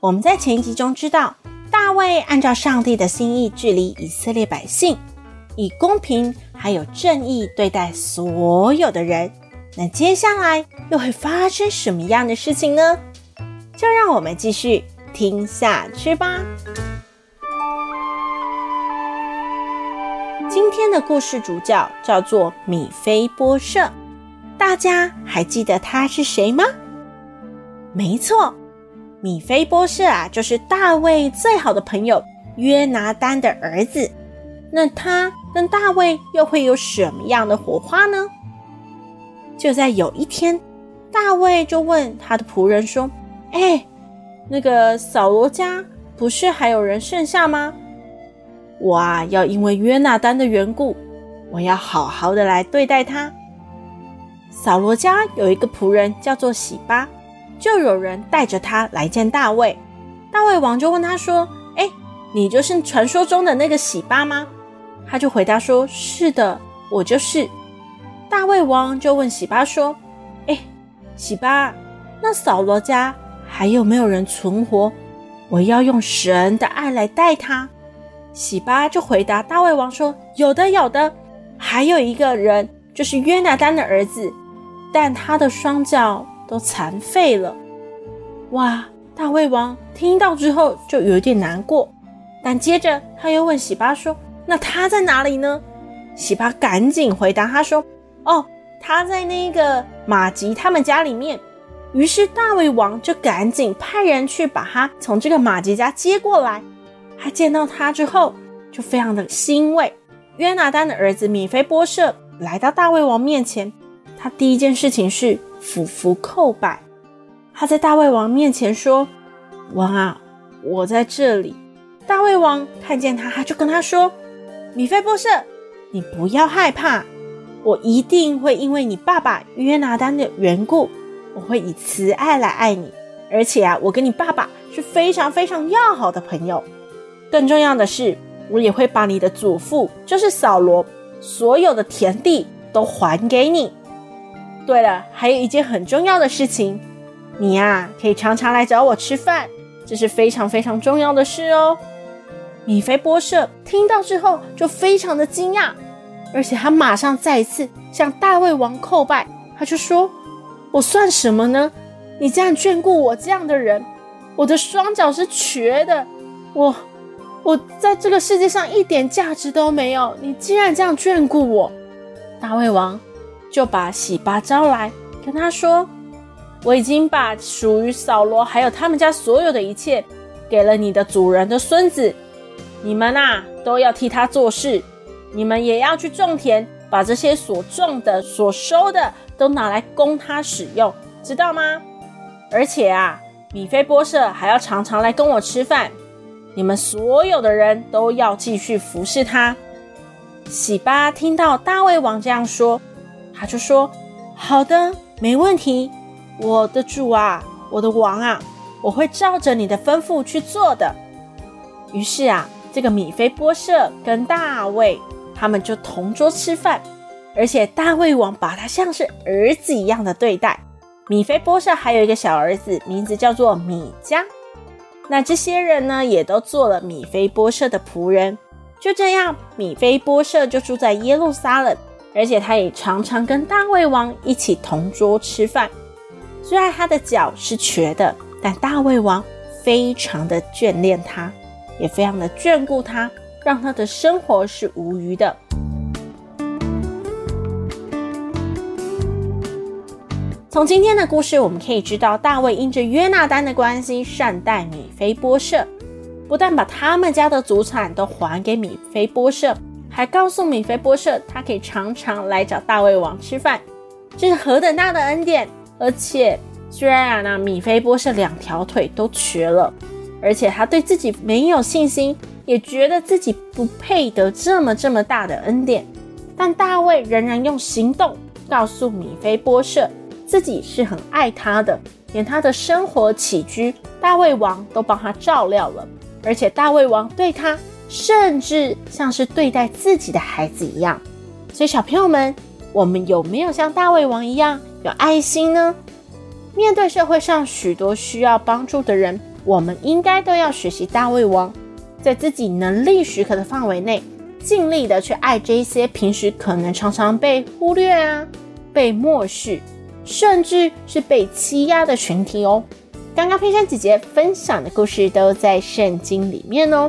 我們在前一集中知道，大衛按照上帝的心意治理以色列百姓，以公平還有正義對待所有的人。那接下來又會發生什麼樣的事情呢？就讓我們繼續聽下去吧。今天的故事主角叫做米非波設，大家還記得他是誰嗎？沒錯。米非波設啊，就是大衛最好的朋友約拿單的兒子。那他跟大衛又會有什麼樣的火花呢？就在有一天，大衛就問他的僕人說：“哎、欸，那個掃羅家不是還有人剩下嗎？我啊要因為約拿單的緣故，我要好好的來對待他。”掃羅家有一個僕人叫做洗巴。就有人帶着他來見大衛，大衛王就問他說：“哎、欸，你就是傳說中的那個喜巴嗎？”他就回答說：“是的，我就是。”大衛王就問喜巴說：“哎、欸，喜巴，那掃羅家還有沒有人存活？我要用神的愛來待他。”喜巴就回答大衛王說：“有的，有的，還有一個人，就是約拿單的兒子，但他的雙腳。”都殘廢了，哇！大衛王聽到之後，就有點難過，但接着他又問喜巴說：“那他在哪裡呢？”喜巴趕緊回答他說：“哦，他在那個馬吉他們家裡面。”於是大衛王就趕緊派人去把他從這個馬吉家接過來。他見到他之後就非常的欣慰。約拿單的兒子米非波設來到大衛王面前，他第一件事情是。俯伏，伏叩拜，他在大衛王面前說：“王啊，我在這裡。”大衛王看見他，他就跟他說：“米非波設，你不要害怕，我一定會因為你爸爸約拿單的緣故，我會以慈愛來愛你。而且啊，我跟你爸爸是非常非常要好的朋友。更重要的是，我也會把你的祖父就是掃羅所有的田地都還給你。”對了，還有一件很重要的事情，你呀，可以常常來找我吃飯，這是非常非常重要的事哦。米非波設聽到之後就非常的驚訝，而且他馬上再一次向大衛王叩拜，他就說：“我算什麼呢？你這樣眷顧我這樣的人，我的雙腳是瘸的，我我在這個世界上一點價值都沒有。你竟然這樣眷顧我，大衛王。”就把洗巴招來，跟他說：“我已經把屬於掃羅還有他們家所有的一切，給了你的主人的孫子。你們啊，都要替他做事，你們也要去種田，把這些所種的、所收的都拿來供他使用，知道嗎？而且啊，米非波設還要常常來跟我吃飯。你們所有的人都要繼續服侍他。”洗巴聽到大衛王這樣說。他就說：“好的，沒問題，我的主啊，我的王啊，我會照着你的吩咐去做的。”於是啊，這個米非波設跟大衛他們就同桌吃飯，而且大衛王把他像是兒子一樣的對待。米非波設還有一個小兒子，名字叫做米迦。那這些人呢，也都做了米非波設的僕人。就這樣，米非波設就住在耶路撒冷。而且他也常常跟大衛王一起同桌吃飯。雖然他的腳是瘸的，但大衛王非常的眷戀他，也非常的眷顧他，讓他的生活是無虞的。從今天的故事，我們可以知道，大衛因着約拿單的關係善待米非波設，不但把他們家的祖產都還給米非波設。還告訴米非波設，他可以常常來找大衛王吃飯，這、就是何等大的恩典！而且，雖然啊，那米非波設兩條腿都瘸了，而且他對自己沒有信心，也覺得自己不配得這麼這麼大的恩典，但大衛仍然用行動告訴米非波設，自己是很愛他的，連他的生活起居，大衛王都幫他照料了，而且大衛王對他，甚至像是對待自己的孩子一樣，所以小朋友們，我們有沒有像大衛王一樣有愛心呢？面對社會上許多需要幫助的人，我們應該都要學習大衛王，在自己能力許可的範圍內，盡力的去愛這一些平時可能常常被忽略啊、被漠視，甚至是被欺壓的群體哦。剛剛佩珊姐姐分享的故事都在聖經裡面哦。